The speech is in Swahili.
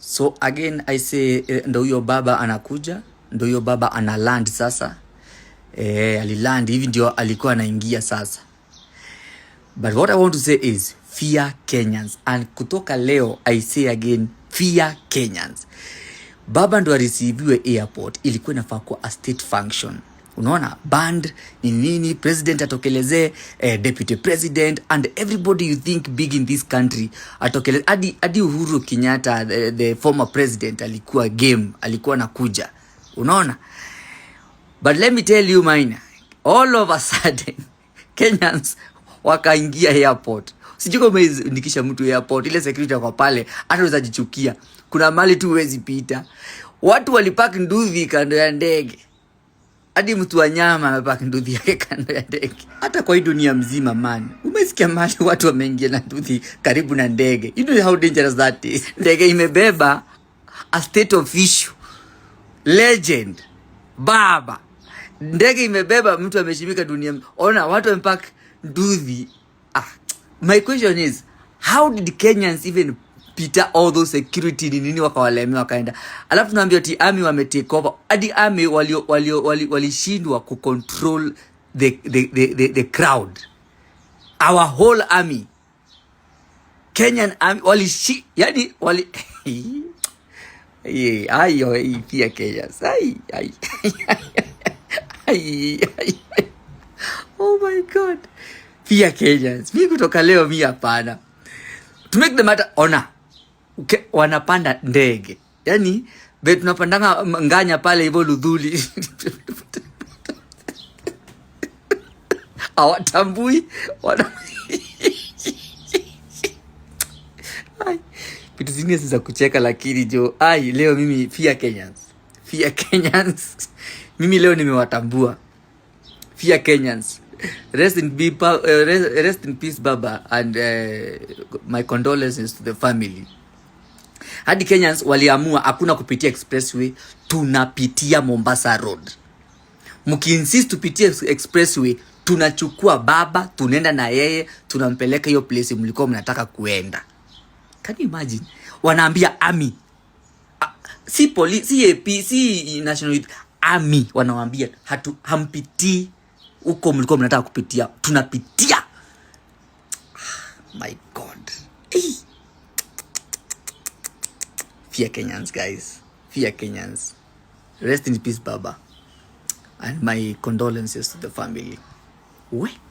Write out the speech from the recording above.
So again I say eh, ndo huyo baba anakuja, ndo huyo baba ana land sasa eh, aliland hivi ndio alikuwa anaingia sasa. But what I want to say is fear Kenyans, and kutoka leo I say again fear Kenyans. Baba ndo arisibiwe airport, ilikuwa inafaa kuwa a state function Unaona band ni nini? President atokelezee eh, deputy president and everybody you think big in this country atokeleze hadi hadi Uhuru Kenyatta the, the former president alikuwa game, alikuwa nakuja. Unaona, but let me tell you mine, all of a sudden Kenyans wakaingia airport. Sijui mezindikisha mtu airport, ile security kwa pale hata uzajichukia. Kuna mali tu huwezi pita. Watu walipaki nduvi kando ya ndege hadi mtu wa nyama amepaka nduthi yake kando ya ndege. Hata kwa hii dunia mzima man, umesikia mali watu wameingia na nduthi karibu na ndege. You know how dangerous that is. Ndege imebeba a state of issue, legend baba. Ndege imebeba mtu ameshimika dunia. Ona watu wamepaka nduthi. Ah, my question is how did Kenyans even wakapita all those security ni nini, wakawalemea wakaenda. Alafu naambia ti army wametake over hadi army walio walio walishindwa kucontrol the, the, the, the, the crowd our whole army Kenyan army walishi yani wali Ye, ayo pia Kenya sai ai oh my god, pia Kenyans mi kutoka leo mi hapana, to make the matter honor ke, wanapanda ndege yani be tunapandanga nganya pale hivyo Ludhuli awatambui wana... vitu zingine ziza kucheka, lakini jo ai, leo mimi Fia Kenyans, Fia Kenyans mimi leo nimewatambua Fia Kenyans. Rest in, be, uh, rest, rest in peace baba and uh, my condolences to the family hadi Kenyans waliamua hakuna kupitia expressway, tunapitia Mombasa Road. Mkiinsist tupitie expressway, tunachukua baba, tunaenda na yeye, tunampeleka hiyo place mlikuwa mnataka kuenda. Can you imagine? Wanaambia ami ah, si polisi, si AP, si national ami, wanawaambia hatu hampitii huko mlikuwa mnataka kupitia, tunapitia. Ah, my fear Kenyans, guys. Fear Kenyans. Rest in peace, Baba. And my condolences to the family. Wait.